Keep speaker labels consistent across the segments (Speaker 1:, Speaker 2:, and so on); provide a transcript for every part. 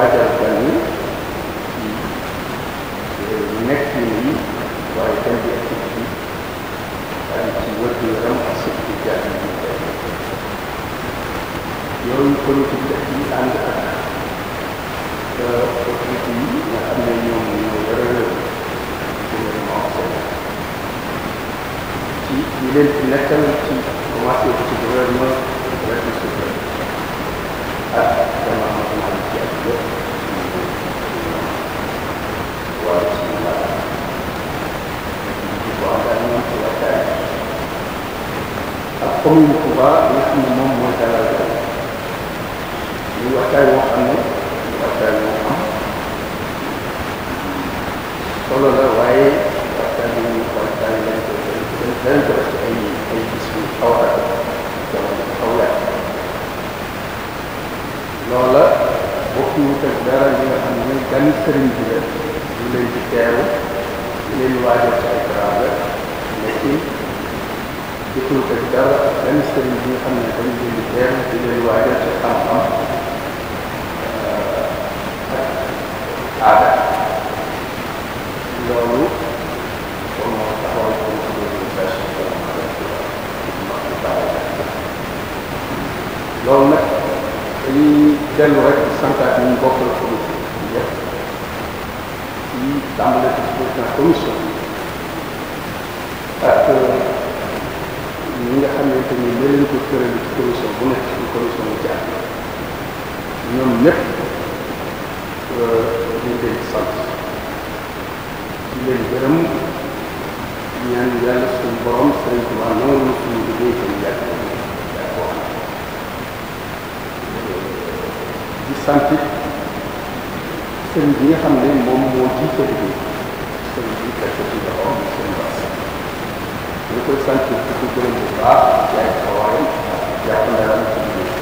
Speaker 1: waajal gan yi nekk yi waaye gan bi ak kii bi daal di ci wër yaram ak surtout jaar yi ñu koy yooyu politique def yi ànd ak politique yi nga xam ne ñoom ñoo yore gouvernement Sénégal ci ñu leen ci nekkal ci commencé ci gouvernement commune Touba bi nga xam ne moom mooy dalal muy waxtaay woo xam ne muy waxtaay woo am solo la waaye waxtaay bi ñu waxtaay lañ ko dañ ko def ci ay loolu nag dañuy dellu rek santaat ñu bokkal commission bi yëpp ci tàmbale ci président commission ak ñi nga xamante ni ne leen ko tëral ci commission bu nekk ci commission bu jaar ñoom ñëpp ñu leen sant di leen gërëm ñaan yàlla suñu borom sëriñ Tuubaa nangu suñu liggéey suñu yàgg sant sëriñ bi nga xam ne moom moo jiite liggéey sëriñ bi fekk ci loxoom sëriñ Bass ñu koy sant di ko gërëm bu baax jaay xawaayam jàpp ndaram ci liggéey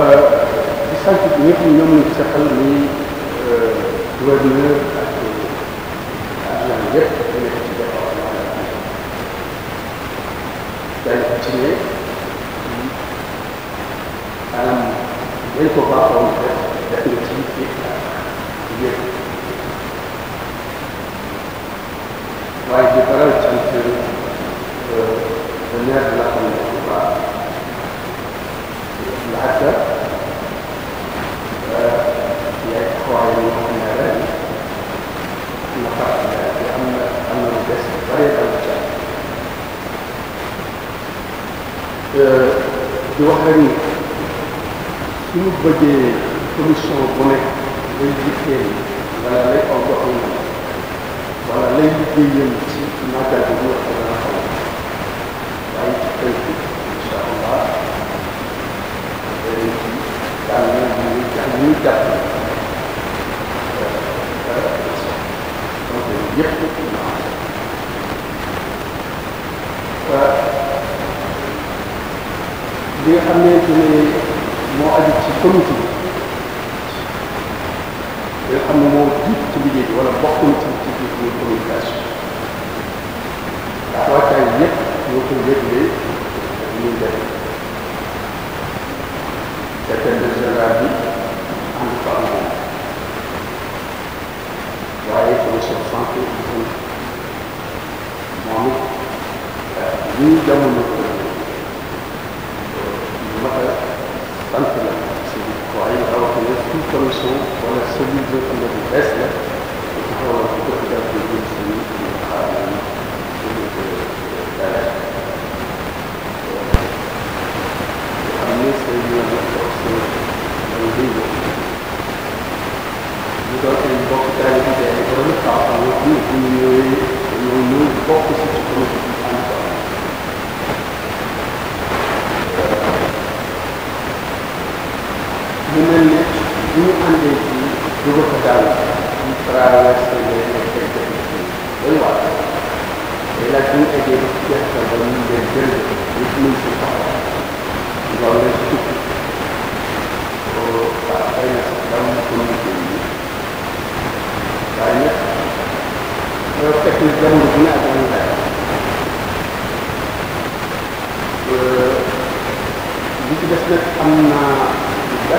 Speaker 1: euh, di sant ñëpp ñoom ñu seqal ni euh, gouverneur ak adjoint yëpp nekk ci jaay ci ne ليسوا باطلا لكن التجديد فيه وهذه قرأت في الناس لكن حتى يقوى بأن أن الجسم غير المجال. في وحدة suñu bëggee commission bu nekk lay liggéey wala lay aw doxal wala lay liggéeyal ci màggal bi ñu wax dana xaw waaye ci tënk incha allah dañu ci daal ñu ñu jàpp ñu jàpp li nga xam ne moo aju ci comité bi nga xam ne moo jiit ci liggéey bi wala bokk na ci ci biir muy communication ndax waajtaay yépp ñoo ko yëglee ñu def secrétaire général bi am ko am moom waaye commission santé moom it ñuy jamono commission pour la cellule de on test. ini anda di juga ke dalam di perayaan sebagai objek tertentu lewat bila tu ada rupiah sebab ini dia jelas itu ni sebab dia oleh itu so tak saya sedang menunggu ini banyak proses yang jauh lebih ada yang lain jika sudah sama juga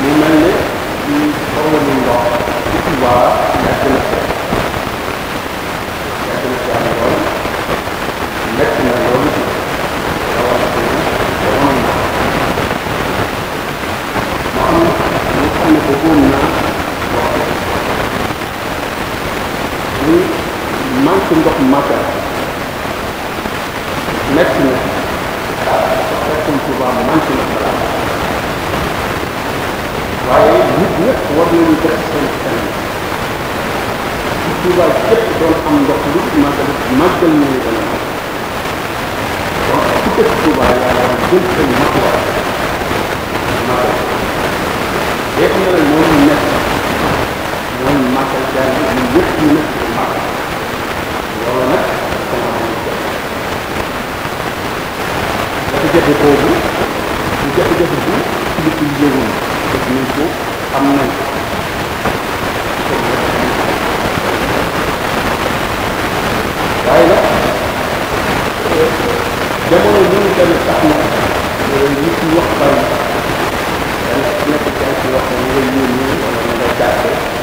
Speaker 1: mu mel ne ci xaw ma lu ndox ci Touba ci ndox màggal metti na Sëriñ Tuuba manti na balaa waaye nit ñëpp war nañu def seen xel ci Tuuba képp doon am ndox lu màggal màggal nañu dana donc ci dëkk Tuuba yaa war a jël seen matuwaay màggal léegi nag mooy nekk mooy màggal jaay yi ñëpp ñu nekk loolu nag jafe-jafe boobu ñu jafe-jafe bu kilif yi yëgoon def nañ ko am nañ waaye nag jamono yi ñu tamit tax na ñu ci wax bari dana nekk ci ay ci wax ne nga yónnee wala na nga jàppee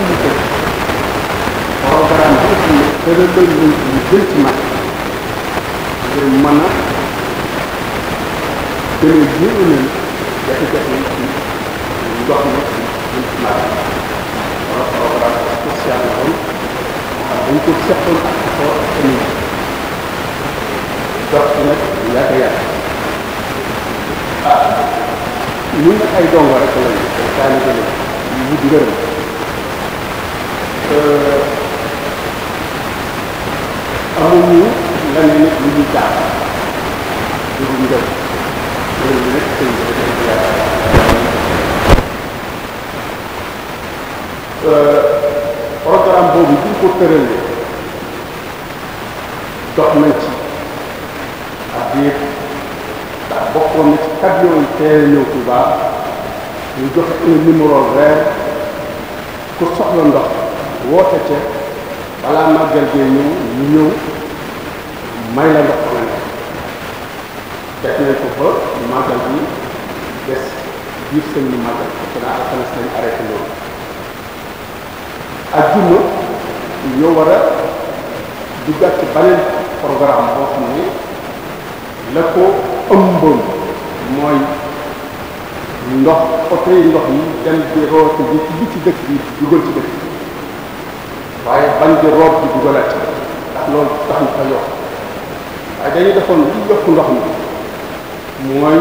Speaker 1: activité programme bi aussi dana bëri lu bëri ci mag ngir mën a gën a jiwu leen jafe-jafe yi ci ndox mi ci ci mag wala programme spécial la woon waaw dañ ko seqoon ak effort ak commune dox bi nag yàgg yàgg ah ñun ay dongo rek lañu ay taalibe lañu yu gërëm jaar loolu ñu def boobu bu ñu ko tëralee dox nañ ci ak biir ndax bokkoon na ci camion yi teel ñëw Touba ñu joxe un numéro vert ku soxla ndox woote ca balaa màggal gee ñëw ñu ñëw may la ndox ma nga def nañ ko ba màggal bi des biir sëñ bi màggal parce que naa alxames lañ arrêté loolu ak ñoo war a duggaat ci beneen programme boo xam ne la ko ëmboon mooy ndox oto yi ndox yi dem di roote ji ci ci dëkk bi dugal ci dëkk waaye bañ di roob di dugalat ndax loolu tax ñu fa yokk waaye dañu defoon li yokk ndox mi mooy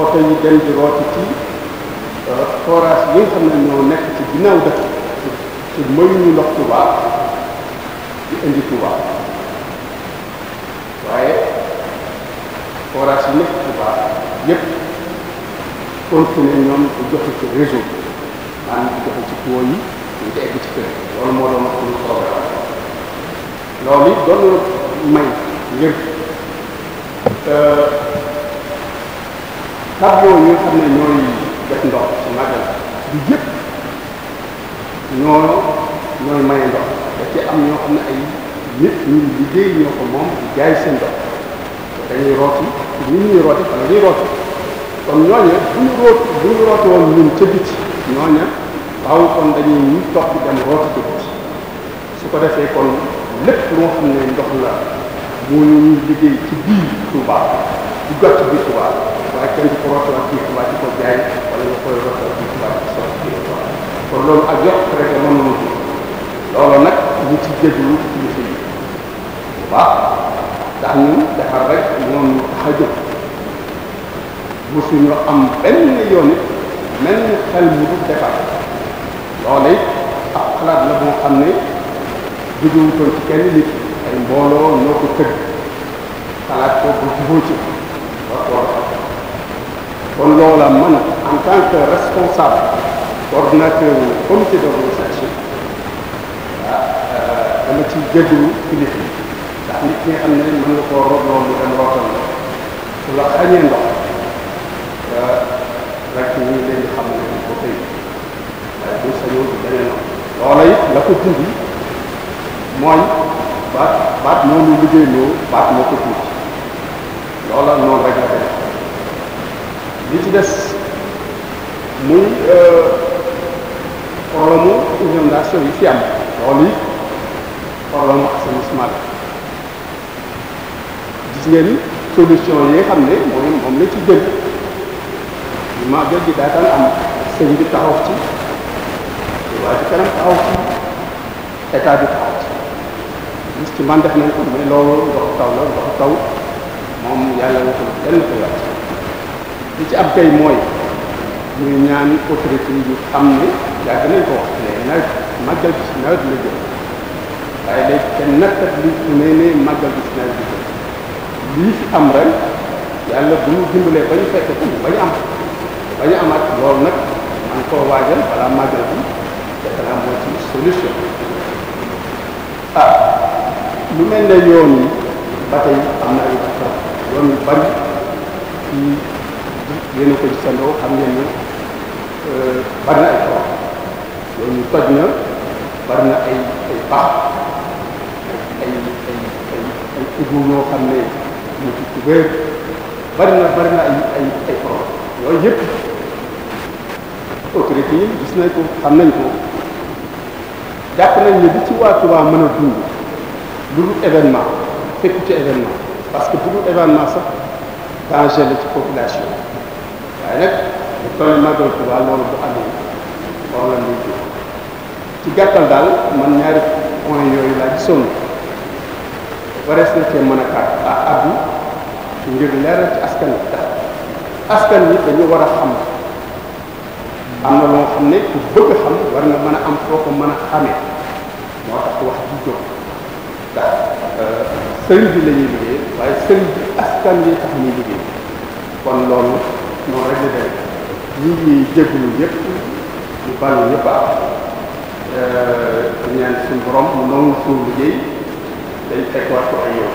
Speaker 1: oto yi dem di rooti ci euh, forage yi nga xam ne ñoo nekk ci ginnaaw dëkk ci mayuñu ndox Tuuba di indi Tuuba waaye forage yi nekk Tuuba yépp continué ñoom di joxe ci réseau bi maanaam di joxe ci tuyau yi ñu di egg ci kër loolu moo doon wax suñu programme loolu it doon may ngir euh, tableau yi nga xam ne ñooy def ndox ci màggal bi yëpp ñoo ñooy maye ndox da ci am ñoo xam ne ay nit ñu liggéey ñoo ko moom di jaay seen ndox dañuy rooti nit ñuy rooti wala ñuy rooti kon ñooñu bu ñu root bu ñu rooti woon ñun ca biti ñooñu waaw kon dañuy ñu topp dem rooti ca biti su ko defee kon lépp loo xam ne ndox la moo ñu liggéey ci biir Touba duggaat ci biir Touba waaye kenn du ko rootal biir Touba di ko jaay wala nga koy rootal ak yokk rek nag ñu ci jégalu kilifa yi bu baax ndax ñun defar rek ñoom ñu tax a jóg mosuñu am benn yoon it mel ni mu du defar loolu it xalaat la boo xam ne jógewutoon ci kenn nit mbooloo ñoo ko tëgg xalaat ko bu jubóo ci kon loola man en tant que responsable coordinateur wu comité d'organisation ah euh, dama ci jéggalu kilifa ndax nit ñi xam ne mën nga koo rob loolu dem rootal la su la xañee ndox euh, rek ñu leen di xam ne ko tey waaye bu sañoon du beneen loola la ko dindi mooy ba baat noonu liggéey loo baat moo ko tuuti loola noonu rek la def li ci des muy euh, problème inondation yi fi am loolu yi solution yi xam ne moom la ci jël magal gi daataan am sëñ bi taxaw ci waa kanam taxaw ci état bi taxaw gis ci man def nañ ko mais loolu taw la ndoxu taw li ci ab kay mooy ñuy ñaan autorité yu xam ne yàgg ko wax léegi nawet màggal bi si nawet bi lii fi am ren yàlla bu ñu dimbalee ba ñu fekk ko ba ñu am ba ñu amaat loolu nag man koo waajal balaa màggal bi te balaa ci solution ah. lu mel na yoon yi ba tey am na ay taxaw yoon yu bari ci yéen a ko gisandoo xam ngeen ne euh, bari na ay taxaw yoon yu toj na bari na ay ay baax ay ay ay ay ibu ñoo xam ne bari na bari na ay ay ay yooyu yëpp autorité yi gis nañ ko xam nañ ko jàpp nañ ne bi ci waa Tuubaa mën a dund lu dul événement fekk ci événement parce que bu dul événement sax danger la ci population waaye nag bu toll màggal Tuubaa loolu bu amee loolu la ñuy jóg ci gàttal daal man ñaari point yooyu laa gisoon warees na cee mën a kaat à addu ngir leeral ci askan wi tax askan wi dañu war a xam am na loo xam ne ku bëgg xam war nga mën a am foo ko mën a xamee moo tax wax ndax sëriñ bi la liggéey waaye sëriñ bi askan wi tax ñuy liggéey kon loolu noonu rek la demee ñi ñuy jégalu yëpp ñu bàllu ñëpp ak ñaan suñu borom mu nangu liggéey dañ fekk waat ko ay yoon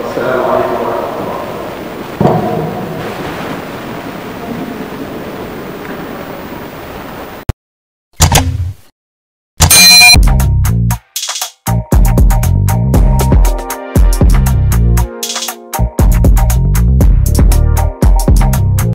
Speaker 1: wasalaamaaleykum